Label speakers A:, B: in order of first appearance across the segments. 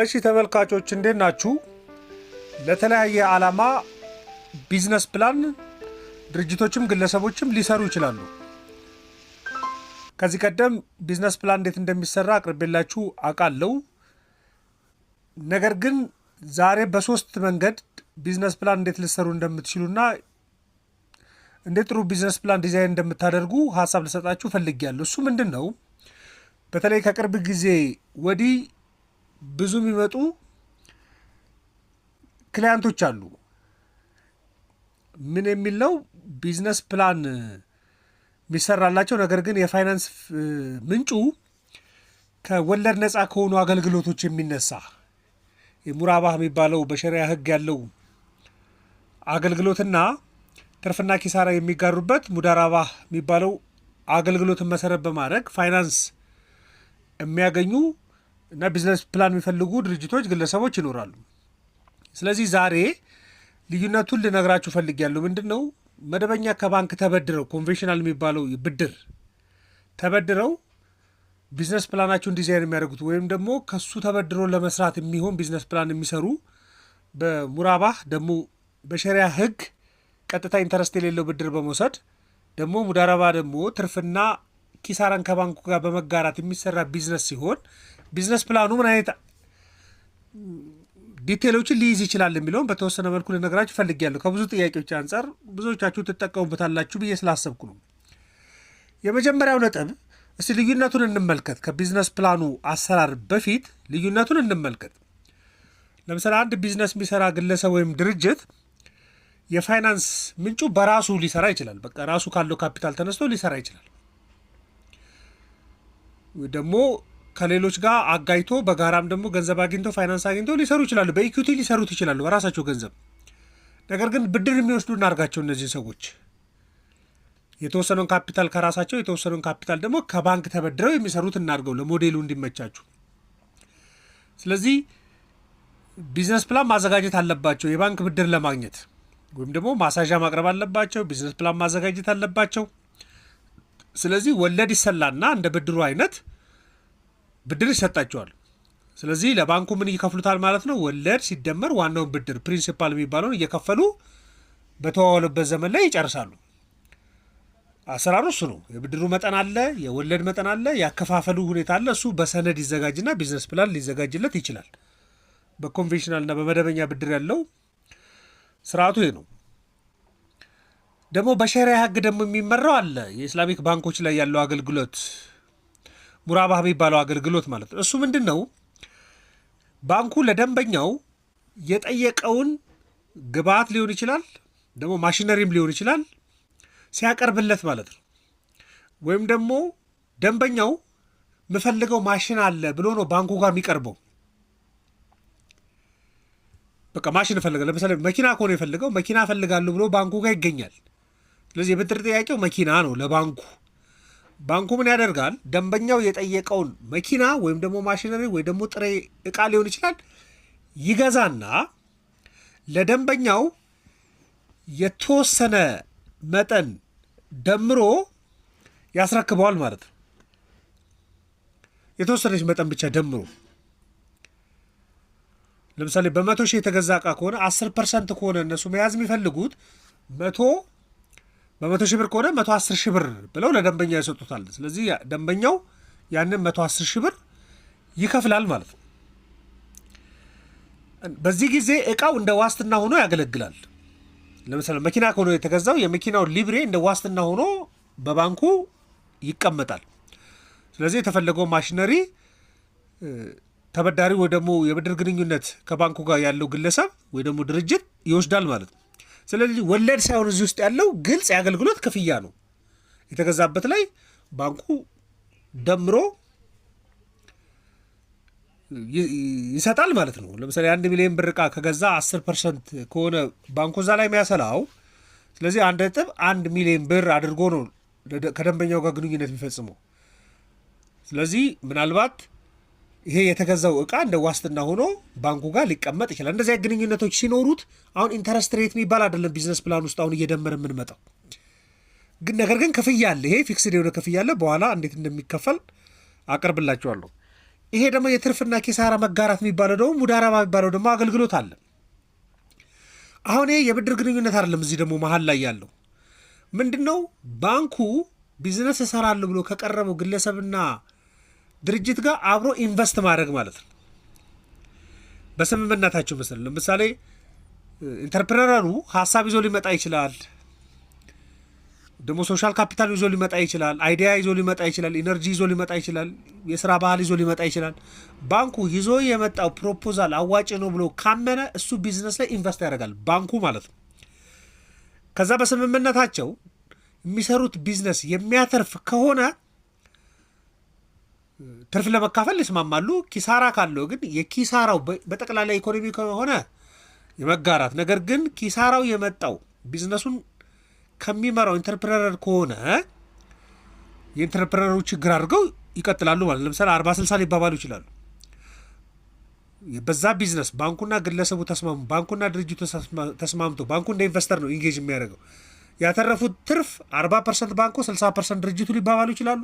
A: እሺ ተመልካቾች እንዴት ናችሁ? ለተለያየ ዓላማ ቢዝነስ ፕላን ድርጅቶችም ግለሰቦችም ሊሰሩ ይችላሉ። ከዚህ ቀደም ቢዝነስ ፕላን እንዴት እንደሚሰራ አቅርቤላችሁ አውቃለሁ። ነገር ግን ዛሬ በሶስት መንገድ ቢዝነስ ፕላን እንዴት ልትሰሩ እንደምትችሉና እንዴት ጥሩ ቢዝነስ ፕላን ዲዛይን እንደምታደርጉ ሀሳብ ልሰጣችሁ ፈልጌያለሁ። እሱ ምንድን ነው? በተለይ ከቅርብ ጊዜ ወዲህ ብዙ የሚመጡ ክላያንቶች አሉ። ምን የሚል ነው? ቢዝነስ ፕላን የሚሰራላቸው ነገር ግን የፋይናንስ ምንጩ ከወለድ ነፃ ከሆኑ አገልግሎቶች የሚነሳ የሙራባህ የሚባለው በሸሪያ ሕግ ያለው አገልግሎትና ትርፍና ኪሳራ የሚጋሩበት ሙዳራባህ የሚባለው አገልግሎትን መሰረት በማድረግ ፋይናንስ የሚያገኙ እና ቢዝነስ ፕላን የሚፈልጉ ድርጅቶች፣ ግለሰቦች ይኖራሉ። ስለዚህ ዛሬ ልዩነቱን ልነግራችሁ ፈልጊያለሁ። ምንድን ነው መደበኛ ከባንክ ተበድረው ኮንቬንሽናል የሚባለው ብድር ተበድረው ቢዝነስ ፕላናቸውን ዲዛይን የሚያደርጉት ወይም ደግሞ ከሱ ተበድሮ ለመስራት የሚሆን ቢዝነስ ፕላን የሚሰሩ በሙራባህ ደግሞ በሸሪያ ህግ ቀጥታ ኢንተረስት የሌለው ብድር በመውሰድ ደግሞ ሙዳረባ ደግሞ ትርፍና ኪሳራን ከባንኩ ጋር በመጋራት የሚሰራ ቢዝነስ ሲሆን ቢዝነስ ፕላኑ ምን አይነት ዲቴሎችን ሊይዝ ይችላል የሚለውን በተወሰነ መልኩ ልነግራችሁ እፈልጋለሁ። ከብዙ ጥያቄዎች አንጻር ብዙዎቻችሁ ትጠቀሙበታላችሁ ብዬ ስላሰብኩ ነው። የመጀመሪያው ነጥብ እስቲ ልዩነቱን እንመልከት። ከቢዝነስ ፕላኑ አሰራር በፊት ልዩነቱን እንመልከት። ለምሳሌ አንድ ቢዝነስ የሚሰራ ግለሰብ ወይም ድርጅት የፋይናንስ ምንጩ በራሱ ሊሰራ ይችላል። በቃ ራሱ ካለው ካፒታል ተነስቶ ሊሰራ ይችላል። ደግሞ ከሌሎች ጋር አጋይቶ በጋራም ደግሞ ገንዘብ አግኝቶ ፋይናንስ አግኝቶ ሊሰሩ ይችላሉ። በኢኩቲ ሊሰሩት ይችላሉ በራሳቸው ገንዘብ። ነገር ግን ብድር የሚወስዱ እናርጋቸው እነዚህ ሰዎች የተወሰነውን ካፒታል ከራሳቸው የተወሰነውን ካፒታል ደግሞ ከባንክ ተበድረው የሚሰሩት እናርገው ለሞዴሉ እንዲመቻችሁ። ስለዚህ ቢዝነስ ፕላን ማዘጋጀት አለባቸው የባንክ ብድር ለማግኘት ወይም ደግሞ ማሳዣ ማቅረብ አለባቸው። ቢዝነስ ፕላን ማዘጋጀት አለባቸው። ስለዚህ ወለድ ይሰላና እንደ ብድሩ አይነት ብድር ይሰጣቸዋል። ስለዚህ ለባንኩ ምን ይከፍሉታል ማለት ነው? ወለድ ሲደመር ዋናውን ብድር ፕሪንሲፓል የሚባለውን እየከፈሉ በተዋዋሉበት ዘመን ላይ ይጨርሳሉ። አሰራሩ እሱ ነው። የብድሩ መጠን አለ፣ የወለድ መጠን አለ፣ ያከፋፈሉ ሁኔታ አለ። እሱ በሰነድ ይዘጋጅና ቢዝነስ ፕላን ሊዘጋጅለት ይችላል። በኮንቬንሽናልና በመደበኛ ብድር ያለው ስርዓቱ ይሄ ነው። ደግሞ በሸሪያ ህግ ደግሞ የሚመራው አለ። የኢስላሚክ ባንኮች ላይ ያለው አገልግሎት ሙራባህ የሚባለው አገልግሎት ማለት ነው። እሱ ምንድን ነው? ባንኩ ለደንበኛው የጠየቀውን ግብአት ሊሆን ይችላል፣ ደግሞ ማሽነሪም ሊሆን ይችላል ሲያቀርብለት ማለት ነው። ወይም ደግሞ ደንበኛው የምፈልገው ማሽን አለ ብሎ ነው ባንኩ ጋር የሚቀርበው። በቃ ማሽን እፈልጋለሁ፣ ለምሳሌ መኪና ከሆነ የፈልገው መኪና እፈልጋለሁ ብሎ ባንኩ ጋር ይገኛል። ስለዚህ የብድር ጥያቄው መኪና ነው ለባንኩ። ባንኩ ምን ያደርጋል? ደንበኛው የጠየቀውን መኪና ወይም ደግሞ ማሽነሪ ወይ ደግሞ ጥሬ እቃ ሊሆን ይችላል ይገዛና ለደንበኛው የተወሰነ መጠን ደምሮ ያስረክበዋል ማለት ነው። የተወሰነች መጠን ብቻ ደምሮ ለምሳሌ በመቶ ሺህ የተገዛ እቃ ከሆነ አስር ፐርሰንት ከሆነ እነሱ መያዝ የሚፈልጉት መቶ በመቶ ሺህ ብር ከሆነ መቶ አስር ሺህ ብር ብለው ለደንበኛ ይሰጡታል። ስለዚህ ደንበኛው ያንን መቶ አስር ሺህ ብር ይከፍላል ማለት ነው። በዚህ ጊዜ እቃው እንደ ዋስትና ሆኖ ያገለግላል። ለምሳሌ መኪና ከሆነ የተገዛው የመኪናው ሊብሬ እንደ ዋስትና ሆኖ በባንኩ ይቀመጣል። ስለዚህ የተፈለገው ማሽነሪ ተበዳሪ ወይ ደግሞ የብድር ግንኙነት ከባንኩ ጋር ያለው ግለሰብ ወይ ደግሞ ድርጅት ይወስዳል ማለት ነው። ስለዚህ ወለድ ሳይሆን እዚህ ውስጥ ያለው ግልጽ የአገልግሎት ክፍያ ነው። የተገዛበት ላይ ባንኩ ደምሮ ይሰጣል ማለት ነው። ለምሳሌ አንድ ሚሊዮን ብር እቃ ከገዛ 10 ፐርሰንት ከሆነ ባንኩ እዛ ላይ የሚያሰላው ስለዚህ አንድ ነጥብ አንድ ሚሊዮን ብር አድርጎ ነው ከደንበኛው ጋር ግንኙነት የሚፈጽመው። ስለዚህ ምናልባት ይሄ የተገዛው እቃ እንደ ዋስትና ሆኖ ባንኩ ጋር ሊቀመጥ ይችላል። እንደዚያ ግንኙነቶች ሲኖሩት አሁን ኢንተረስት ሬት የሚባል አይደለም ቢዝነስ ፕላን ውስጥ አሁን እየደመረ የምንመጣው ነገር ግን ክፍያ አለ። ይሄ ፊክስድ የሆነ ክፍያ አለ። በኋላ እንዴት እንደሚከፈል አቀርብላችኋለሁ። ይሄ ደግሞ የትርፍና ኪሳራ መጋራት የሚባለው ደግሞ ሙዳረባ የሚባለው ደግሞ አገልግሎት አለ። አሁን ይሄ የብድር ግንኙነት አይደለም። እዚህ ደግሞ መሀል ላይ ያለው ምንድን ነው? ባንኩ ቢዝነስ እሰራለሁ ብሎ ከቀረበው ግለሰብና ድርጅት ጋር አብሮ ኢንቨስት ማድረግ ማለት ነው። በስምምነታቸው መሰል ለምሳሌ ኢንተርፕረነሩ ሀሳብ ይዞ ሊመጣ ይችላል። ደግሞ ሶሻል ካፒታል ይዞ ሊመጣ ይችላል። አይዲያ ይዞ ሊመጣ ይችላል። ኢነርጂ ይዞ ሊመጣ ይችላል። የስራ ባህል ይዞ ሊመጣ ይችላል። ባንኩ ይዞ የመጣው ፕሮፖዛል አዋጭ ነው ብሎ ካመነ እሱ ቢዝነስ ላይ ኢንቨስት ያደርጋል ባንኩ ማለት ነው። ከዛ በስምምነታቸው የሚሰሩት ቢዝነስ የሚያተርፍ ከሆነ ትርፍ ለመካፈል ይስማማሉ። ኪሳራ ካለው ግን የኪሳራው በጠቅላላ ኢኮኖሚ ከሆነ የመጋራት ነገር ግን ኪሳራው የመጣው ቢዝነሱን ከሚመራው ኢንተርፕረነር ከሆነ የኢንተርፕረነሩ ችግር አድርገው ይቀጥላሉ ማለት ለምሳሌ አርባ ስልሳ ሊባባሉ ይችላሉ። በዛ ቢዝነስ ባንኩና ግለሰቡ ተስማሙ፣ ባንኩና ድርጅቱ ተስማምቶ ባንኩ እንደ ኢንቨስተር ነው ኢንጌጅ የሚያደርገው። ያተረፉት ትርፍ አርባ ፐርሰንት ባንኩ ስልሳ ፐርሰንት ድርጅቱ ሊባባሉ ይችላሉ።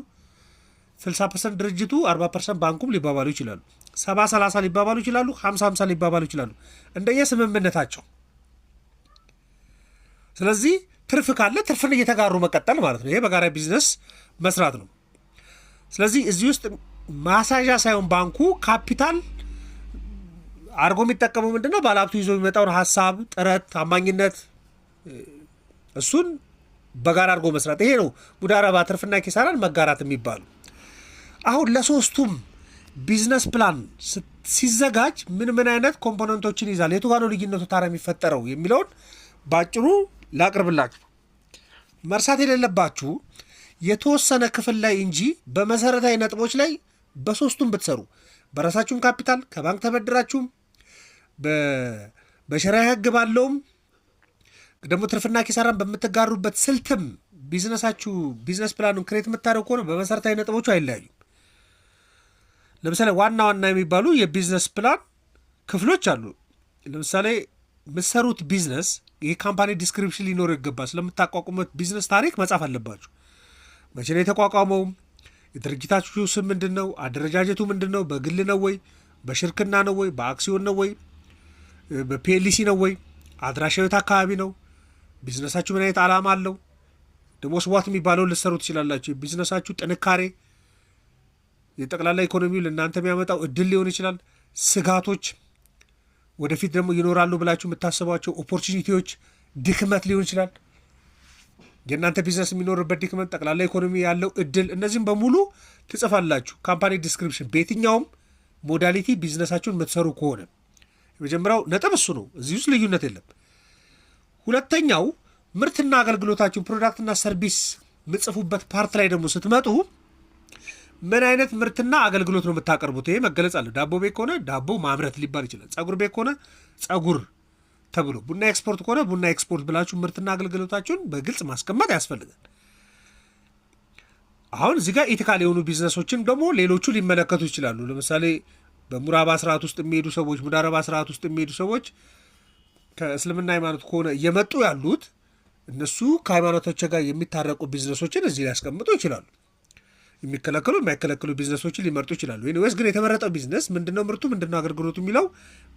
A: 60 ፐርሰንት ድርጅቱ 40 ፐርሰንት ባንኩም ሊባባሉ ይችላሉ። 70 30 ሊባባሉ ይችላሉ። 50 50 ሊባባሉ ይችላሉ እንደየ ስምምነታቸው። ስለዚህ ትርፍ ካለ ትርፍን እየተጋሩ መቀጠል ማለት ነው። ይሄ በጋራ ቢዝነስ መስራት ነው። ስለዚህ እዚህ ውስጥ ማሳዣ ሳይሆን ባንኩ ካፒታል አድርጎ የሚጠቀመው ምንድን ነው? ባለሀብቱ ይዞ የሚመጣውን ሀሳብ፣ ጥረት፣ አማኝነት እሱን በጋራ አድርጎ መስራት። ይሄ ነው ሙዳረባ ትርፍና ኪሳራን መጋራት የሚባሉ አሁን ለሶስቱም ቢዝነስ ፕላን ሲዘጋጅ ምን ምን አይነት ኮምፖነንቶችን ይዛል፣ የቱ ጋ ነው ልዩነቱ ታዲያ የሚፈጠረው የሚለውን በአጭሩ ላቅርብላችሁ። መርሳት የሌለባችሁ የተወሰነ ክፍል ላይ እንጂ በመሰረታዊ ነጥቦች ላይ በሶስቱም ብትሰሩ በራሳችሁም ካፒታል ከባንክ ተበድራችሁም በሸራ ህግ ባለውም ደግሞ ትርፍና ኪሳራን በምትጋሩበት ስልትም ቢዝነሳችሁ ቢዝነስ ፕላኑን ክሬት የምታደርጉ ከሆነ በመሰረታዊ ነጥቦቹ አይለያዩ። ለምሳሌ ዋና ዋና የሚባሉ የቢዝነስ ፕላን ክፍሎች አሉ። ለምሳሌ የምትሰሩት ቢዝነስ ይህ ካምፓኒ ዲስክሪፕሽን ሊኖር ይገባል። ስለምታቋቁሙት ቢዝነስ ታሪክ መጻፍ አለባችሁ። መቼ ነው የተቋቋመው? የድርጅታችሁ ስም ምንድን ነው? አደረጃጀቱ ምንድን ነው? በግል ነው ወይ? በሽርክና ነው ወይ? በአክሲዮን ነው ወይ? በፒኤልሲ ነው ወይ? አድራሻዊት አካባቢ ነው? ቢዝነሳችሁ ምን አይነት ዓላማ አለው? ደሞስ ዋት ልሰሩ ልትሰሩ ትችላላችሁ። ቢዝነሳችሁ ጥንካሬ የጠቅላላ ኢኮኖሚው ለእናንተ የሚያመጣው እድል ሊሆን ይችላል፣ ስጋቶች፣ ወደፊት ደግሞ ይኖራሉ ብላችሁ የምታስቧቸው ኦፖርቹኒቲዎች፣ ድክመት ሊሆን ይችላል። የእናንተ ቢዝነስ የሚኖርበት ድክመት፣ ጠቅላላ ኢኮኖሚ ያለው እድል፣ እነዚህም በሙሉ ትጽፋላችሁ። ካምፓኒ ዲስክሪፕሽን በየትኛውም ሞዳሊቲ ቢዝነሳችሁን የምትሰሩ ከሆነ የመጀመሪያው ነጥብ እሱ ነው። እዚህ ውስጥ ልዩነት የለም። ሁለተኛው ምርትና አገልግሎታችሁን ፕሮዳክትና ሰርቪስ ምጽፉበት ፓርት ላይ ደግሞ ስትመጡ ምን አይነት ምርትና አገልግሎት ነው የምታቀርቡት? ይሄ መገለጽ አለ። ዳቦ ቤት ከሆነ ዳቦ ማምረት ሊባል ይችላል። ጸጉር ቤት ከሆነ ጸጉር ተብሎ፣ ቡና ኤክስፖርት ከሆነ ቡና ኤክስፖርት ብላችሁ ምርትና አገልግሎታችሁን በግልጽ ማስቀመጥ ያስፈልጋል። አሁን እዚህ ጋር ኢቲካል የሆኑ ቢዝነሶችን ደግሞ ሌሎቹ ሊመለከቱ ይችላሉ። ለምሳሌ በሙራባ ስርዓት ውስጥ የሚሄዱ ሰዎች፣ ሙዳረባ ስርዓት ውስጥ የሚሄዱ ሰዎች ከእስልምና ሃይማኖት ከሆነ እየመጡ ያሉት እነሱ ከሃይማኖታቸው ጋር የሚታረቁ ቢዝነሶችን እዚህ ሊያስቀምጡ ይችላሉ። የሚከለከሉ የማይከለከሉ ቢዝነሶችን ሊመርጡ ይችላሉ። ወይስ ግን የተመረጠው ቢዝነስ ምንድነው፣ ምርቱ ምንድነው፣ አገልግሎቱ የሚለው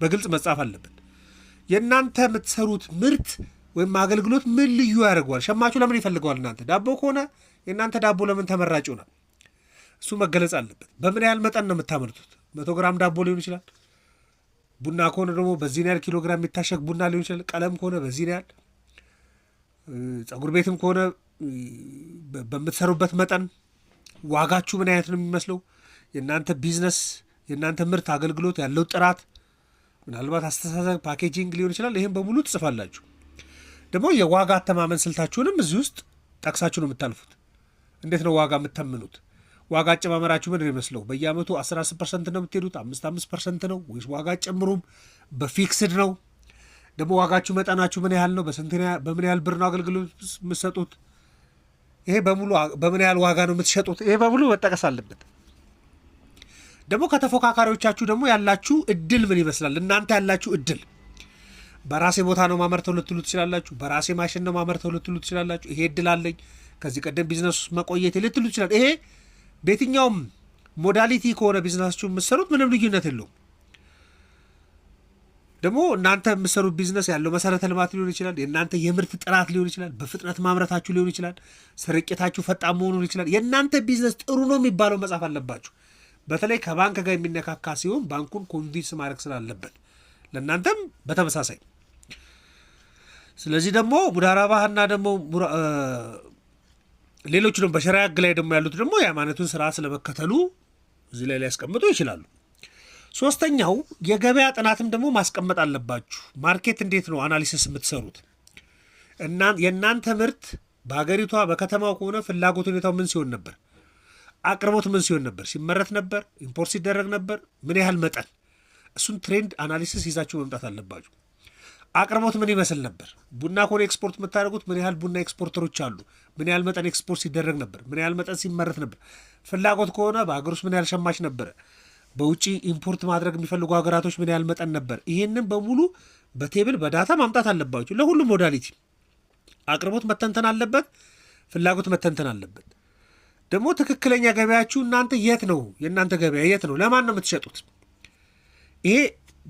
A: በግልጽ መጻፍ አለብን። የእናንተ የምትሰሩት ምርት ወይም አገልግሎት ምን ልዩ ያደርገዋል? ሸማቹ ለምን ይፈልገዋል? እናንተ ዳቦ ከሆነ የእናንተ ዳቦ ለምን ተመራጭ ይሆናል? እሱ መገለጽ አለበት። በምን ያህል መጠን ነው የምታመርቱት? መቶ ግራም ዳቦ ሊሆን ይችላል። ቡና ከሆነ ደግሞ በዚህን ያህል ኪሎ ግራም የሚታሸግ ቡና ሊሆን ይችላል። ቀለም ከሆነ በዚህን ያህል፣ ፀጉር ቤትም ከሆነ በምትሰሩበት መጠን ዋጋችሁ ምን አይነት ነው የሚመስለው? የእናንተ ቢዝነስ፣ የእናንተ ምርት አገልግሎት ያለው ጥራት፣ ምናልባት አስተሳሰብ፣ ፓኬጂንግ ሊሆን ይችላል። ይህም በሙሉ ትጽፋላችሁ። ደግሞ የዋጋ አተማመን ስልታችሁንም እዚህ ውስጥ ጠቅሳችሁ ነው የምታልፉት። እንዴት ነው ዋጋ የምተምኑት? ዋጋ አጨማመራችሁ ምን ይመስለው? በየአመቱ 15 ፐርሰንት ነው የምትሄዱት? አምስት አምስት ፐርሰንት ነው ወይስ ዋጋ ጨምሩም? በፊክስድ ነው ደግሞ ዋጋችሁ መጠናችሁ ምን ያህል ነው? በስንት በምን ያህል ብር ነው አገልግሎት የምትሰጡት? ይሄ በሙሉ በምን ያህል ዋጋ ነው የምትሸጡት? ይሄ በሙሉ መጠቀስ አለበት። ደግሞ ከተፎካካሪዎቻችሁ ደግሞ ያላችሁ እድል ምን ይመስላል? እናንተ ያላችሁ እድል በራሴ ቦታ ነው ማመርተው ልትሉ ትችላላችሁ። በራሴ ማሽን ነው ማመርተው ልትሉ ትችላላችሁ። ይሄ እድል አለኝ ከዚህ ቀደም ቢዝነስ መቆየት ልትሉ ትችላል። ይሄ በየትኛውም ሞዳሊቲ ከሆነ ቢዝነሳችሁ የምትሰሩት ምንም ልዩነት የለውም። ደግሞ እናንተ የምሰሩት ቢዝነስ ያለው መሰረተ ልማት ሊሆን ይችላል፣ የእናንተ የምርት ጥራት ሊሆን ይችላል፣ በፍጥነት ማምረታችሁ ሊሆን ይችላል፣ ስርጭታችሁ ፈጣን መሆኑ ሊሆን ይችላል። የእናንተ ቢዝነስ ጥሩ ነው የሚባለው መጻፍ አለባችሁ። በተለይ ከባንክ ጋር የሚነካካ ሲሆን ባንኩን ኮንቪንስ ማድረግ ስላለበት ለእናንተም በተመሳሳይ ስለዚህ ደግሞ ሙዳራባህና ደግሞ ሌሎች ደግሞ በሸራ ሕግ ላይ ደግሞ ያሉት ደግሞ የሃይማኖቱን ስርዓት ስለመከተሉ እዚህ ላይ ሊያስቀምጡ ይችላሉ። ሶስተኛው የገበያ ጥናትም ደግሞ ማስቀመጥ አለባችሁ። ማርኬት እንዴት ነው አናሊሲስ የምትሰሩት? የእናንተ ምርት በሀገሪቷ በከተማው ከሆነ ፍላጎት ሁኔታው ምን ሲሆን ነበር? አቅርቦት ምን ሲሆን ነበር? ሲመረት ነበር? ኢምፖርት ሲደረግ ነበር? ምን ያህል መጠን? እሱን ትሬንድ አናሊሲስ ይዛችሁ መምጣት አለባችሁ። አቅርቦት ምን ይመስል ነበር? ቡና ከሆነ ኤክስፖርት የምታደርጉት ምን ያህል ቡና ኤክስፖርተሮች አሉ? ምን ያህል መጠን ኤክስፖርት ሲደረግ ነበር? ምን ያህል መጠን ሲመረት ነበር? ፍላጎት ከሆነ በሀገር ውስጥ ምን ያህል ሸማች ነበረ? በውጭ ኢምፖርት ማድረግ የሚፈልጉ ሀገራቶች ምን ያህል መጠን ነበር? ይሄንን በሙሉ በቴብል በዳታ ማምጣት አለባቸው። ለሁሉም ሞዳሊቲ አቅርቦት መተንተን አለበት፣ ፍላጎት መተንተን አለበት። ደግሞ ትክክለኛ ገበያችሁ እናንተ የት ነው? የእናንተ ገበያ የት ነው? ለማን ነው የምትሸጡት? ይሄ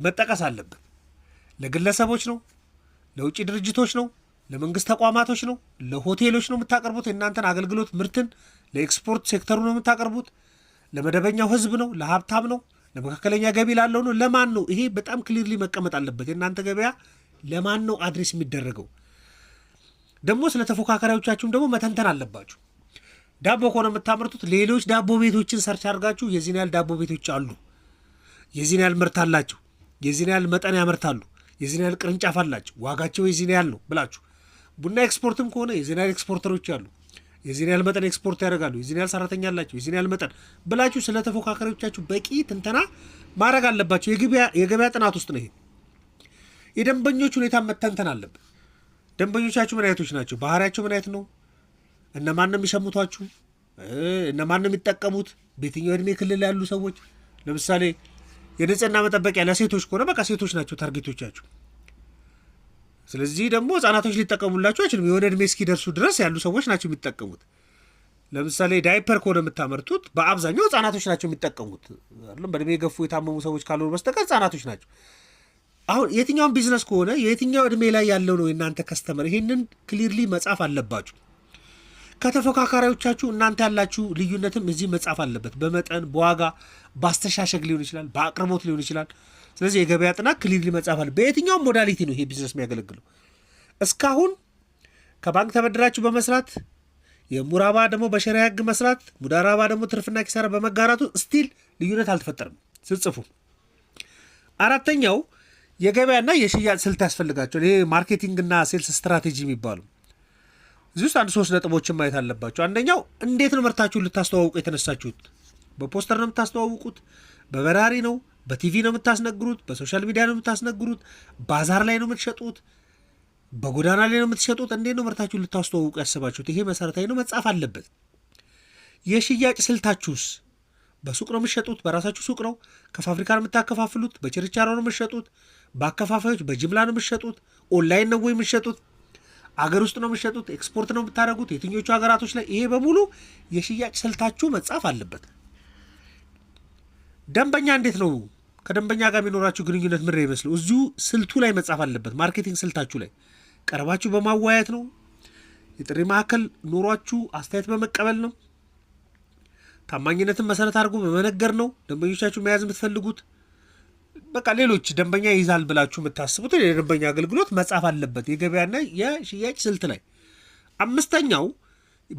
A: መጠቀስ አለበት። ለግለሰቦች ነው? ለውጭ ድርጅቶች ነው? ለመንግስት ተቋማቶች ነው? ለሆቴሎች ነው የምታቀርቡት? የእናንተን አገልግሎት ምርትን ለኤክስፖርት ሴክተሩ ነው የምታቀርቡት? ለመደበኛው ህዝብ ነው? ለሀብታም ነው? ለመካከለኛ ገቢ ላለው ነው? ለማን ነው? ይሄ በጣም ክሊርሊ መቀመጥ አለበት። የእናንተ ገበያ ለማን ነው አድሬስ የሚደረገው? ደግሞ ስለ ተፎካካሪዎቻችሁም ደግሞ መተንተን አለባችሁ። ዳቦ ከሆነ የምታመርቱት ሌሎች ዳቦ ቤቶችን ሰርች አድርጋችሁ የዚህን ያህል ዳቦ ቤቶች አሉ፣ የዚህን ያህል ምርት አላቸው፣ የዚህን ያህል መጠን ያመርታሉ፣ የዚህን ያህል ቅርንጫፍ አላቸው፣ ዋጋቸው የዚህን ያህል ነው ብላችሁ ቡና ኤክስፖርትም ከሆነ የዚህን ያህል ኤክስፖርተሮች አሉ የዚህን ያህል መጠን ኤክስፖርት ያደርጋሉ፣ የዚህን ያህል ሰራተኛ አላቸው፣ የዚህን ያህል መጠን ብላችሁ ስለ ተፎካካሪዎቻችሁ በቂ ትንተና ማድረግ አለባቸው። የገበያ ጥናት ውስጥ ነው ይሄ። የደንበኞች ሁኔታ መተንተን አለብን። ደንበኞቻችሁ ምን አይነቶች ናቸው? ባህሪያቸው ምን አይነት ነው? እነማን ነው የሚሸምቷችሁ? እነማን ነው የሚጠቀሙት? በየትኛው እድሜ ክልል ያሉ ሰዎች? ለምሳሌ የንጽህና መጠበቂያ ለሴቶች ከሆነ በቃ ሴቶች ናቸው ታርጌቶቻችሁ። ስለዚህ ደግሞ ህጻናቶች ሊጠቀሙላቸው አይችልም። የሆነ እድሜ እስኪደርሱ ድረስ ያሉ ሰዎች ናቸው የሚጠቀሙት። ለምሳሌ ዳይፐር ከሆነ የምታመርቱት በአብዛኛው ህጻናቶች ናቸው የሚጠቀሙት። አይደለም በእድሜ የገፉ የታመሙ ሰዎች ካልሆኑ በስተቀር ህጻናቶች ናቸው። አሁን የትኛውን ቢዝነስ ከሆነ የትኛው እድሜ ላይ ያለው ነው የእናንተ ከስተመር፣ ይህንን ክሊርሊ መጻፍ አለባችሁ። ከተፎካካሪዎቻችሁ እናንተ ያላችሁ ልዩነትም እዚህ መጻፍ አለበት። በመጠን በዋጋ በአስተሻሸግ ሊሆን ይችላል፣ በአቅርቦት ሊሆን ይችላል። ስለዚህ የገበያ ጥናት ክሊል መጻፍ አለ። በየትኛውም ሞዳሊቲ ነው ይሄ ቢዝነስ የሚያገለግለው። እስካሁን ከባንክ ተበድራችሁ በመስራት የሙራባ ደግሞ በሸሪያ ህግ መስራት፣ ሙዳራባ ደግሞ ትርፍና ኪሳራ በመጋራቱ ስቲል ልዩነት አልተፈጠርም ስጽፉ። አራተኛው የገበያና የሽያጭ ስልት ያስፈልጋቸዋል። ይሄ ማርኬቲንግና ሴልስ ስትራቴጂ የሚባሉ እዚህ ውስጥ አንድ ሶስት ነጥቦችን ማየት አለባቸው። አንደኛው እንዴት ነው ምርታችሁን ልታስተዋውቁ የተነሳችሁት? በፖስተር ነው የምታስተዋውቁት? በበራሪ ነው በቲቪ ነው የምታስነግሩት፣ በሶሻል ሚዲያ ነው የምታስነግሩት፣ ባዛር ላይ ነው የምትሸጡት፣ በጎዳና ላይ ነው የምትሸጡት። እንዴት ነው ምርታችሁን ልታስተዋውቁ ያስባችሁት? ይሄ መሰረታዊ ነው፣ መጻፍ አለበት። የሽያጭ ስልታችሁስ በሱቅ ነው የምትሸጡት? በራሳችሁ ሱቅ ነው ከፋብሪካ ነው የምታከፋፍሉት? በችርቻሮ ነው የምትሸጡት? በአከፋፋዮች በጅምላ ነው የምትሸጡት? ኦንላይን ነው ወይ የምትሸጡት? አገር ውስጥ ነው የምትሸጡት? ኤክስፖርት ነው የምታደርጉት? የትኞቹ ሀገራቶች ላይ? ይሄ በሙሉ የሽያጭ ስልታችሁ መጻፍ አለበት። ደንበኛ እንዴት ነው ከደንበኛ ጋር የሚኖራችሁ ግንኙነት ምድር ይመስሉ እዚሁ ስልቱ ላይ መጻፍ አለበት። ማርኬቲንግ ስልታችሁ ላይ ቀረባችሁ በማዋየት ነው። የጥሪ ማዕከል ኖሯችሁ አስተያየት በመቀበል ነው። ታማኝነትን መሰረት አድርጎ በመነገር ነው። ደንበኞቻችሁ መያዝ የምትፈልጉት በቃ ሌሎች ደንበኛ ይይዛል ብላችሁ የምታስቡት የደንበኛ አገልግሎት መጻፍ አለበት የገበያና የሽያጭ ስልት ላይ። አምስተኛው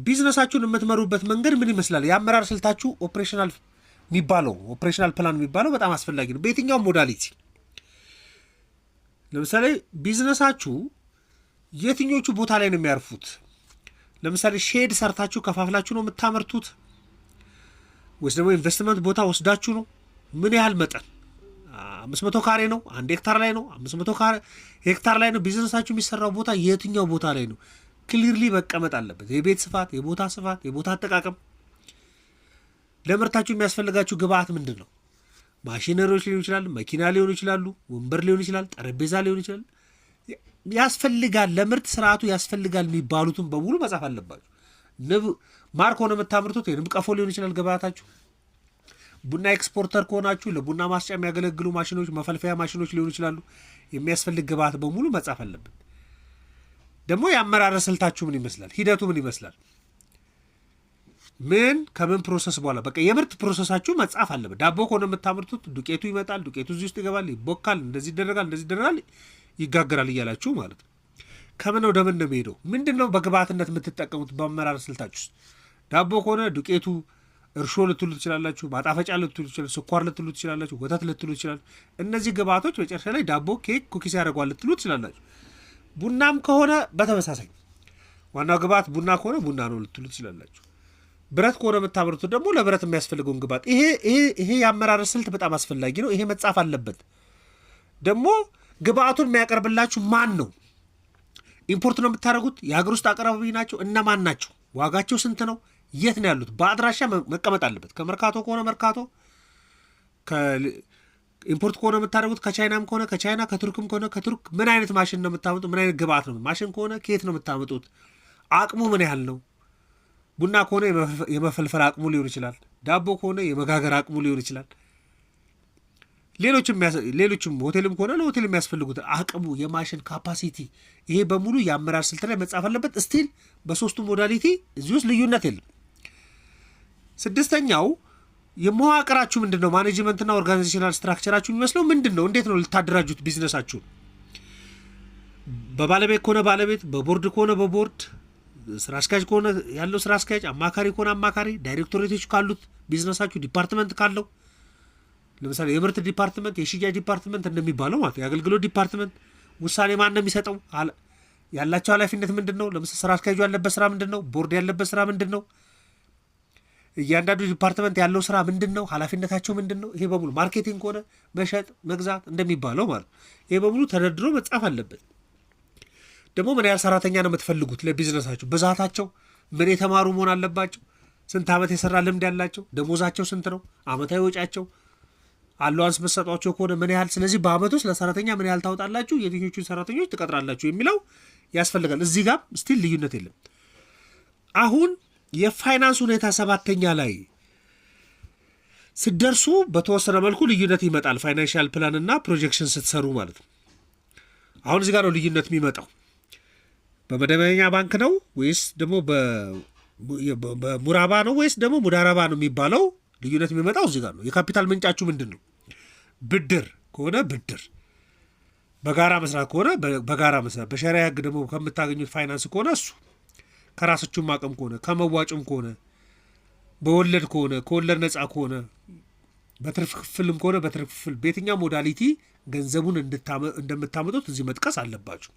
A: ቢዝነሳችሁን የምትመሩበት መንገድ ምን ይመስላል? የአመራር ስልታችሁ ኦፕሬሽናል የሚባለው ኦፕሬሽናል ፕላን የሚባለው በጣም አስፈላጊ ነው። በየትኛውም ሞዳሊቲ ለምሳሌ ቢዝነሳችሁ የትኞቹ ቦታ ላይ ነው የሚያርፉት? ለምሳሌ ሼድ ሰርታችሁ ከፋፍላችሁ ነው የምታመርቱት ወይስ ደግሞ ኢንቨስትመንት ቦታ ወስዳችሁ ነው? ምን ያህል መጠን አምስት መቶ ካሬ ነው? አንድ ሄክታር ላይ ነው? አምስት መቶ ሄክታር ላይ ነው? ቢዝነሳችሁ የሚሰራው ቦታ የትኛው ቦታ ላይ ነው? ክሊርሊ መቀመጥ አለበት። የቤት ስፋት፣ የቦታ ስፋት፣ የቦታ አጠቃቀም ለምርታችሁ የሚያስፈልጋችሁ ግብአት ምንድን ነው? ማሽነሪዎች ሊሆን ይችላል፣ መኪና ሊሆን ይችላሉ፣ ወንበር ሊሆን ይችላል፣ ጠረጴዛ ሊሆን ይችላል። ያስፈልጋል ለምርት ስርዓቱ ያስፈልጋል የሚባሉትን በሙሉ መጻፍ አለባችሁ። ንብ ማር ከሆነ የምታምርቱት የንብ ቀፎ ሊሆን ይችላል ግብአታችሁ። ቡና ኤክስፖርተር ከሆናችሁ ለቡና ማስጫ የሚያገለግሉ ማሽኖች፣ መፈልፈያ ማሽኖች ሊሆኑ ይችላሉ። የሚያስፈልግ ግብአት በሙሉ መጻፍ አለብን። ደግሞ የአመራረር ስልታችሁ ምን ይመስላል? ሂደቱ ምን ይመስላል? ምን ከምን ፕሮሰስ በኋላ በቃ የምርት ፕሮሰሳችሁ መጻፍ አለበት። ዳቦ ከሆነ የምታምርቱት ዱቄቱ ይመጣል፣ ዱቄቱ እዚህ ውስጥ ይገባል፣ ይቦካል፣ እንደዚህ ይደረጋል፣ እንደዚህ ይደረጋል፣ ይጋገራል እያላችሁ ማለት ነው። ከምን ወደ ምን ነው የሚሄደው? ምንድን ነው በግብአትነት የምትጠቀሙት በአመራር ስልታችሁ ውስጥ? ዳቦ ከሆነ ዱቄቱ እርሾ ልትሉ ትችላላችሁ፣ ማጣፈጫ ልትሉ ትችላላችሁ፣ ስኳር ልትሉ ትችላላችሁ፣ ወተት ልትሉ ትችላል። እነዚህ ግብአቶች መጨረሻ ላይ ዳቦ፣ ኬክ፣ ኩኪስ ያደርገዋል ልትሉ ትችላላችሁ። ቡናም ከሆነ በተመሳሳይ ዋናው ግብአት ቡና ከሆነ ቡና ነው ልትሉ ትችላላችሁ። ብረት ከሆነ የምታመርቱት ደግሞ ለብረት የሚያስፈልገውን ግባት ይሄ ይሄ ስልት በጣም አስፈላጊ ነው። ይሄ መጻፍ አለበት። ደግሞ ግብአቱን የሚያቀርብላችሁ ማን ነው? ኢምፖርት ነው የምታደርጉት? የሀገር ውስጥ አቅራቢ ናቸው? እነማን ናቸው? ዋጋቸው ስንት ነው? የት ነው ያሉት? በአድራሻ መቀመጥ አለበት። ከመርካቶ ከሆነ መርካቶ፣ ኢምፖርት ከሆነ የምታደርጉት ከቻይናም ከሆነ ከቻይና፣ ከቱርክም ከሆነ ከቱርክ። ምን አይነት ማሽን ነው የምታመጡት? ምን አይነት ግብአት ነው? ማሽን ከሆነ ከየት ነው የምታመጡት? አቅሙ ምን ያህል ነው? ቡና ከሆነ የመፈልፈል አቅሙ ሊሆን ይችላል። ዳቦ ከሆነ የመጋገር አቅሙ ሊሆን ይችላል። ሌሎችም ሆቴልም ከሆነ ለሆቴል የሚያስፈልጉት አቅሙ የማሽን ካፓሲቲ፣ ይሄ በሙሉ የአመራር ስልት ላይ መጻፍ አለበት። ስቲል በሶስቱ ሞዳሊቲ እዚህ ውስጥ ልዩነት የለም። ስድስተኛው የመዋቅራችሁ ምንድን ነው? ማኔጅመንትና ኦርጋናይዜሽናል ስትራክቸራችሁ የሚመስለው ምንድን ነው? እንዴት ነው ልታደራጁት ቢዝነሳችሁን? በባለቤት ከሆነ ባለቤት፣ በቦርድ ከሆነ በቦርድ ስራ አስኪያጅ ከሆነ ያለው ስራ አስኪያጅ፣ አማካሪ ከሆነ አማካሪ፣ ዳይሬክቶሬቶች ካሉት ቢዝነሳችሁ፣ ዲፓርትመንት ካለው ለምሳሌ የምርት ዲፓርትመንት፣ የሽያጭ ዲፓርትመንት እንደሚባለው ማለት የአገልግሎት ዲፓርትመንት ውሳኔ ማን ነው የሚሰጠው? ያላቸው ኃላፊነት ምንድን ነው? ለምሳሌ ስራ አስኪያጁ ያለበት ስራ ምንድን ነው? ቦርድ ያለበት ስራ ምንድን ነው? እያንዳንዱ ዲፓርትመንት ያለው ስራ ምንድን ነው? ኃላፊነታቸው ምንድን ነው? ይሄ በሙሉ ማርኬቲንግ ከሆነ መሸጥ፣ መግዛት እንደሚባለው ማለት ይሄ በሙሉ ተደርድሮ መጻፍ አለበት። ደግሞ ምን ያህል ሰራተኛ ነው የምትፈልጉት ለቢዝነሳቸው? ብዛታቸው ምን የተማሩ መሆን አለባቸው? ስንት ዓመት የሰራ ልምድ ያላቸው? ደሞዛቸው ስንት ነው? ዓመታዊ ወጫቸው አለዋንስ መሰጧቸው ከሆነ ምን ያህል? ስለዚህ በዓመት ውስጥ ለሰራተኛ ምን ያህል ታወጣላችሁ? የትኞቹን ሰራተኞች ትቀጥራላችሁ? የሚለው ያስፈልጋል። እዚህ ጋር ስቲል ልዩነት የለም። አሁን የፋይናንስ ሁኔታ ሰባተኛ ላይ ስደርሱ በተወሰነ መልኩ ልዩነት ይመጣል። ፋይናንሻል ፕላን እና ፕሮጀክሽን ስትሰሩ ማለት ነው። አሁን እዚህ ጋር ነው ልዩነት የሚመጣው። በመደበኛ ባንክ ነው ወይስ ደግሞ በሙራባ ነው ወይስ ደግሞ ሙዳራባ ነው የሚባለው? ልዩነት የሚመጣው እዚህ ጋር ነው። የካፒታል ምንጫችሁ ምንድን ነው? ብድር ከሆነ ብድር፣ በጋራ መስራት ከሆነ በጋራ መስራት፣ በሸሪያ ህግ ደግሞ ከምታገኙት ፋይናንስ ከሆነ እሱ፣ ከራሳችሁም አቅም ከሆነ ከመዋጭም ከሆነ በወለድ ከሆነ ከወለድ ነፃ ከሆነ በትርፍ ክፍልም ከሆነ በትርፍ ክፍል፣ በየትኛው ሞዳሊቲ ገንዘቡን እንደምታመጡት እዚህ መጥቀስ አለባችሁ።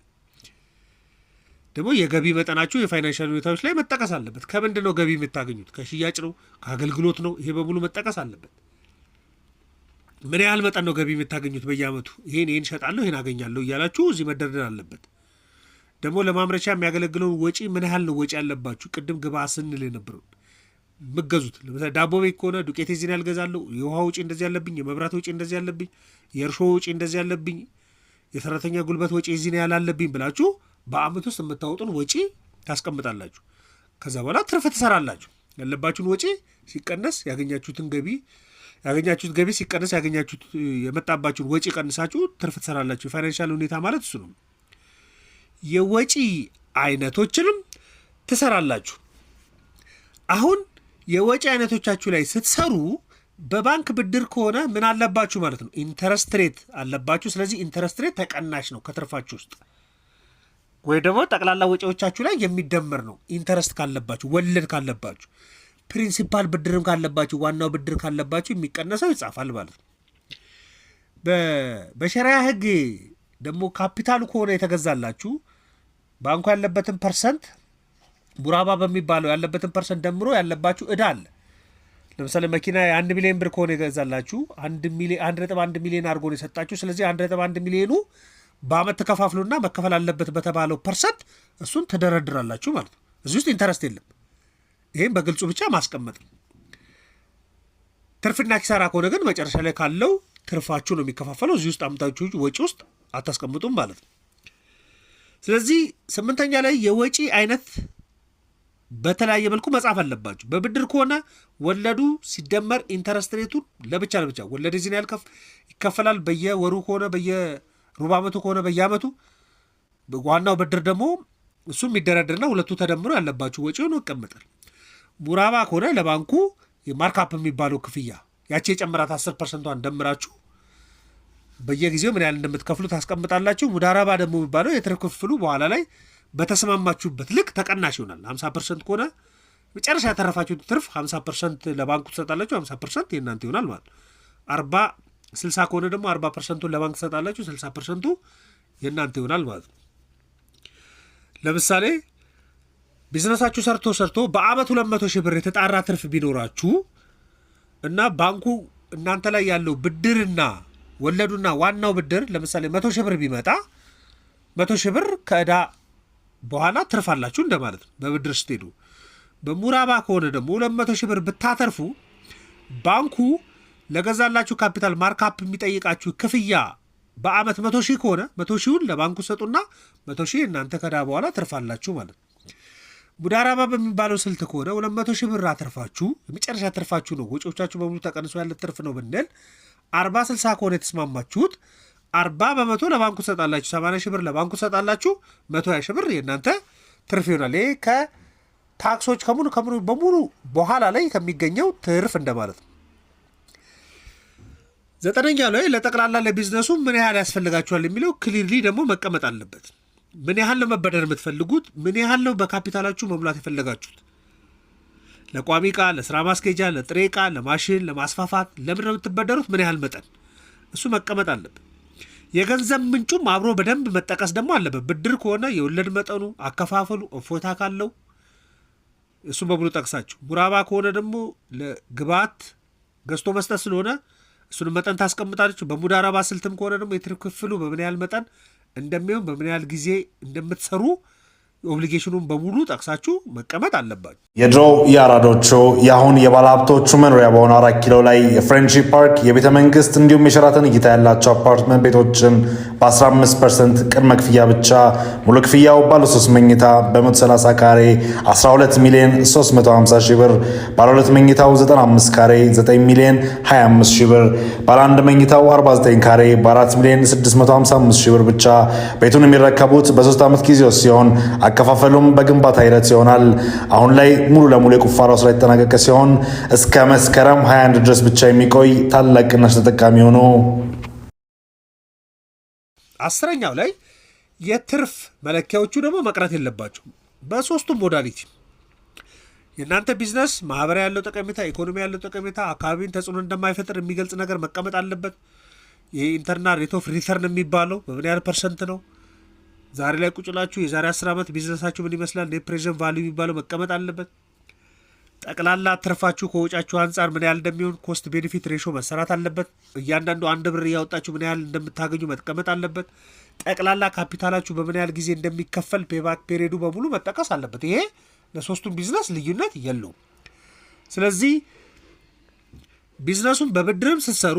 A: ደግሞ የገቢ መጠናችሁ የፋይናንሻል ሁኔታዎች ላይ መጠቀስ አለበት። ከምንድን ነው ገቢ የምታገኙት? ከሽያጭ ነው? ከአገልግሎት ነው? ይሄ በሙሉ መጠቀስ አለበት። ምን ያህል መጠን ነው ገቢ የምታገኙት በየአመቱ? ይሄን ይህን እሸጣለሁ፣ ይሄን አገኛለሁ እያላችሁ እዚህ መደርደር አለበት። ደግሞ ለማምረቻ የሚያገለግለውን ወጪ ምን ያህል ነው ወጪ ያለባችሁ? ቅድም ግብአት ስንል የነበረው የምገዙት ለምሳሌ ዳቦ ቤት ከሆነ ዱቄት ዚን ያልገዛለሁ፣ የውሃ ውጪ እንደዚህ ያለብኝ፣ የመብራት ውጪ እንደዚህ ያለብኝ፣ የእርሾ ውጪ እንደዚህ ያለብኝ፣ የሰራተኛ ጉልበት ወጪ ዚን ያላለብኝ ብላችሁ በአመት ውስጥ የምታወጡን ወጪ ታስቀምጣላችሁ። ከዛ በኋላ ትርፍ ትሰራላችሁ። ያለባችሁን ወጪ ሲቀነስ ያገኛችሁትን ገቢ ያገኛችሁት ገቢ ሲቀነስ ያገኛችሁት የመጣባችሁን ወጪ ቀንሳችሁ ትርፍ ትሰራላችሁ። የፋይናንሻል ሁኔታ ማለት እሱ ነው። የወጪ አይነቶችንም ትሰራላችሁ። አሁን የወጪ አይነቶቻችሁ ላይ ስትሰሩ በባንክ ብድር ከሆነ ምን አለባችሁ ማለት ነው? ኢንተረስት ሬት አለባችሁ። ስለዚህ ኢንተረስት ሬት ተቀናሽ ነው ከትርፋችሁ ውስጥ ወይ ደግሞ ጠቅላላ ወጪዎቻችሁ ላይ የሚደመር ነው። ኢንተረስት ካለባችሁ፣ ወለድ ካለባችሁ፣ ፕሪንሲፓል ብድርም ካለባችሁ፣ ዋናው ብድር ካለባችሁ የሚቀነሰው ይጻፋል ማለት ነው። በሸሪያ ህግ ደግሞ ካፒታሉ ከሆነ የተገዛላችሁ ባንኩ ያለበትን ፐርሰንት ቡራባ በሚባለው ያለበትን ፐርሰንት ደምሮ ያለባችሁ እዳ አለ። ለምሳሌ መኪና የአንድ ሚሊዮን ብር ከሆነ የገዛላችሁ አንድ ነጥብ አንድ ሚሊዮን አድርጎ ነው የሰጣችሁ። ስለዚህ አንድ ነጥብ አንድ ሚሊዮኑ በአመት ተከፋፍሎና መከፈል አለበት በተባለው ፐርሰንት እሱን ተደረድራላችሁ ማለት ነው። እዚህ ውስጥ ኢንተረስት የለም። ይህም በግልጹ ብቻ ማስቀመጥ ነው። ትርፍና ኪሳራ ከሆነ ግን መጨረሻ ላይ ካለው ትርፋችሁ ነው የሚከፋፈለው። እዚህ ውስጥ አምታችሁ ወጪ ውስጥ አታስቀምጡም ማለት ነው። ስለዚህ ስምንተኛ ላይ የወጪ አይነት በተለያየ መልኩ መጻፍ አለባችሁ። በብድር ከሆነ ወለዱ ሲደመር ኢንተረስት ሬቱን ለብቻ ለብቻ ወለድ ዚን ያልከፍ ይከፈላል በየወሩ ከሆነ በየ ሩብ ዓመቱ ከሆነ በየዓመቱ ዋናው ብድር ደግሞ እሱ የሚደረድርና ሁለቱ ተደምሮ ያለባችሁ ወጪውን ይቀመጣል። ሙራባ ከሆነ ለባንኩ ማርካፕ የሚባለው ክፍያ ያቺ የጨምራት 1ስ ፐርሰንቷን ደምራችሁ በየጊዜው ምን ያህል እንደምትከፍሉ ታስቀምጣላችሁ። ሙዳራባ ደግሞ የሚባለው የትርፍ በኋላ ላይ በተስማማችሁበት ልክ ተቀናሽ ይሆናል። 5 ፐርሰንት ከሆነ መጨረሻ ያተረፋችሁት ትርፍ 50 ፐርሰንት ለባንኩ ትሰጣላችሁ። 5 ፐርሰንት የእናንተ ይሆናል ማለት 40 ስልሳ ከሆነ ደግሞ አርባ ፐርሰንቱን ለባንክ ትሰጣላችሁ፣ ስልሳ ፐርሰንቱ የእናንተ ይሆናል ማለት ነው። ለምሳሌ ቢዝነሳችሁ ሰርቶ ሰርቶ በአመት ሁለት መቶ ሺህ ብር የተጣራ ትርፍ ቢኖራችሁ እና ባንኩ እናንተ ላይ ያለው ብድርና ወለዱና ዋናው ብድር ለምሳሌ መቶ ሺህ ብር ቢመጣ መቶ ሺህ ብር ከእዳ በኋላ ትርፍ አላችሁ እንደማለት ነው። በብድር ስትሄዱ በሙራባ ከሆነ ደግሞ ሁለት መቶ ሺህ ብር ብታተርፉ ባንኩ ለገዛላችሁ ካፒታል ማርካፕ የሚጠይቃችሁ ክፍያ በአመት መቶ ሺህ ከሆነ መቶ ሺሁን ለባንኩ ሰጡና መቶ ሺህ እናንተ ከዳ በኋላ ትርፋላችሁ ማለት ነው። ሙዳራባ በሚባለው ስልት ከሆነ ሁለት መቶ ሺህ ብር አትርፋችሁ የመጨረሻ ትርፋችሁ ነው። ወጪዎቻችሁ በሙሉ ተቀንሶ ያለ ትርፍ ነው ብንል አርባ ስልሳ ከሆነ የተስማማችሁት አርባ በመቶ ለባንኩ ትሰጣላችሁ፣ ሰማንያ ሺህ ብር ለባንኩ ትሰጣላችሁ፣ መቶ ሀያ ሺህ ብር የእናንተ ትርፍ ይሆናል። ይሄ ከታክሶች ከሙሉ ከሙሉ በሙሉ በኋላ ላይ ከሚገኘው ትርፍ እንደማለት ነው። ዘጠነኛ ላይ ለጠቅላላ ለቢዝነሱ ምን ያህል ያስፈልጋችኋል የሚለው ክሊርሊ ደግሞ መቀመጥ አለበት። ምን ያህል ነው መበደር የምትፈልጉት? ምን ያህል ነው በካፒታላችሁ መሙላት የፈለጋችሁት? ለቋሚ ዕቃ፣ ለስራ ማስኬጃ፣ ለጥሬ ዕቃ፣ ለማሽን፣ ለማስፋፋት ለምን ነው የምትበደሩት? ምን ያህል መጠን? እሱ መቀመጥ አለበት። የገንዘብ ምንጩም አብሮ በደንብ መጠቀስ ደግሞ አለበት። ብድር ከሆነ የወለድ መጠኑ፣ አከፋፈሉ፣ እፎታ ካለው እሱ በሙሉ ጠቅሳችሁ። ሙራባ ከሆነ ደግሞ ለግብዓት ገዝቶ መስጠት ስለሆነ እሱንም መጠን ታስቀምጣለች። በሙዳረባ ስልትም ከሆነ ደግሞ የትርፍ ክፍሉ በምን ያህል መጠን እንደሚሆን በምን ያህል ጊዜ እንደምትሰሩ ኦብሊጌሽኑን በሙሉ ጠቅሳችሁ መቀመጥ አለባችሁ።
B: የድሮ የአራዶቹ የአሁን የባለሀብቶቹ መኖሪያ በሆነ አራት ኪሎ ላይ የፍሬንድሺፕ ፓርክ የቤተ መንግስት እንዲሁም የሸራተን እይታ ያላቸው አፓርትመንት ቤቶችን በ15 ፐርሰንት ቅድመ ክፍያ ብቻ ሙሉ ክፍያው ባለ 3 መኝታ በ130 ካሬ 12 ሚሊዮን 350 ሺህ ብር፣ ባለ 2 መኝታው 95 ካሬ 9 ሚሊዮን 25 ሺህ ብር፣ ባለ 1 መኝታው 49 ካሬ በ4 ሚሊዮን 655 ሺህ ብር ብቻ። ቤቱን የሚረከቡት በ3 ዓመት ጊዜ ሲሆን አከፋፈሉም በግንባታ ሂደት ይሆናል። አሁን ላይ ሙሉ ለሙሉ የቁፋሮ ስራ የተጠናቀቀ ሲሆን እስከ መስከረም 21 ድረስ ብቻ የሚቆይ ታላቅ ቅናሽ ተጠቃሚ ሆኖ
A: አስረኛው ላይ የትርፍ መለኪያዎቹ ደግሞ መቅረት የለባቸው። በሶስቱም ሞዳሊቲ የእናንተ ቢዝነስ ማህበራዊ ያለው ጠቀሜታ፣ ኢኮኖሚ ያለው ጠቀሜታ፣ አካባቢን ተጽዕኖ እንደማይፈጥር የሚገልጽ ነገር መቀመጥ አለበት። ይህ ሬት ኦፍ ሪተርን የሚባለው በምን ያህል ፐርሰንት ነው? ዛሬ ላይ ቁጭላችሁ የዛሬ አስር ዓመት ቢዝነሳችሁ ምን ይመስላል? ፕሬዘንት ቫሉ የሚባለው መቀመጥ አለበት። ጠቅላላ ትርፋችሁ ከወጫችሁ አንጻር ምን ያህል እንደሚሆን ኮስት ቤኔፊት ሬሾ መሰራት አለበት። እያንዳንዱ አንድ ብር እያወጣችሁ ምን ያህል እንደምታገኙ መቀመጥ አለበት። ጠቅላላ ካፒታላችሁ በምን ያህል ጊዜ እንደሚከፈል ፔባክ ፔሬዱ በሙሉ መጠቀስ አለበት። ይሄ ለሶስቱም ቢዝነስ ልዩነት የለውም። ስለዚህ ቢዝነሱን በብድርም ስትሰሩ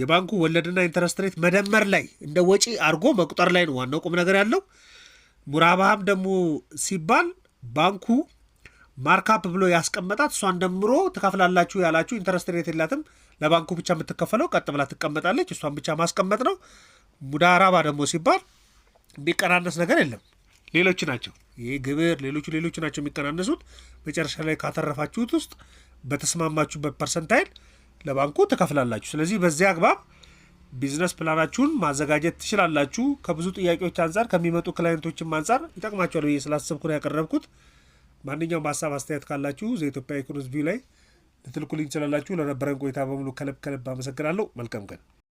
A: የባንኩ ወለድና ኢንተረስት ሬት መደመር ላይ እንደ ወጪ አድርጎ መቁጠር ላይ ነው ዋናው ቁም ነገር ያለው። ሙራባሃም ደግሞ ሲባል ባንኩ ማርካፕ ብሎ ያስቀመጣት እሷን ደምሮ ትከፍላላችሁ ያላችሁ ኢንተረስት ሬት የላትም። ለባንኩ ብቻ የምትከፈለው ቀጥ ብላ ትቀመጣለች። እሷን ብቻ ማስቀመጥ ነው። ሙዳራባ ደግሞ ሲባል የሚቀናነስ ነገር የለም። ሌሎች ናቸው ይህ ግብር፣ ሌሎቹ ሌሎቹ ናቸው የሚቀናነሱት። መጨረሻ ላይ ካተረፋችሁት ውስጥ በተስማማችሁበት ፐርሰንታይል ለባንኩ ትከፍላላችሁ። ስለዚህ በዚህ አግባብ ቢዝነስ ፕላናችሁን ማዘጋጀት ትችላላችሁ። ከብዙ ጥያቄዎች አንጻር ከሚመጡ ክላይንቶችም አንጻር ይጠቅማቸዋል ብዬ ስላሰብኩ ነው ያቀረብኩት። ማንኛውም ሀሳብ አስተያየት ካላችሁ ዘኢትዮጵያ ኢኮኖሚስት ቪው ላይ ልትልኩልኝ ትችላላችሁ። ለነበረን ቆይታ በሙሉ ከልብ ከልብ አመሰግናለሁ። መልካም ቀን